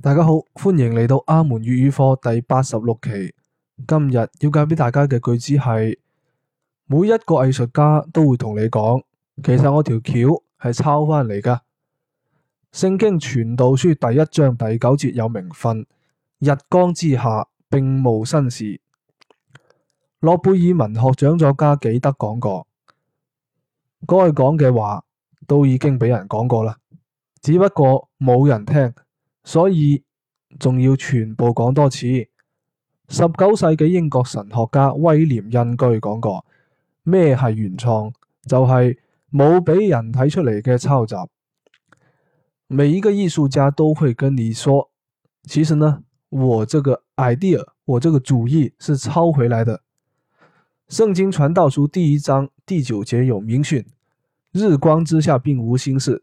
大家好，歡迎嚟到阿門粵語課第八十六期。今日要教俾大家嘅句子係：每一個藝術家都會同你講，其實我條橋係抄翻嚟噶。聖經傳道書第一章第九節有明訓：日光之下並無新事。諾貝爾文學獎作家紀德講過：該講嘅話都已經俾人講過啦，只不過冇人聽。所以仲要全部講多次。十九世紀英國神學家威廉印居講過：咩係原創？就係冇俾人睇出嚟嘅抄襲。每一個藝術家都會跟你說：其實呢，我這個 idea，我這個主意是抄回來的。聖經傳道書第一章第九節有明訓：日光之下並無新事。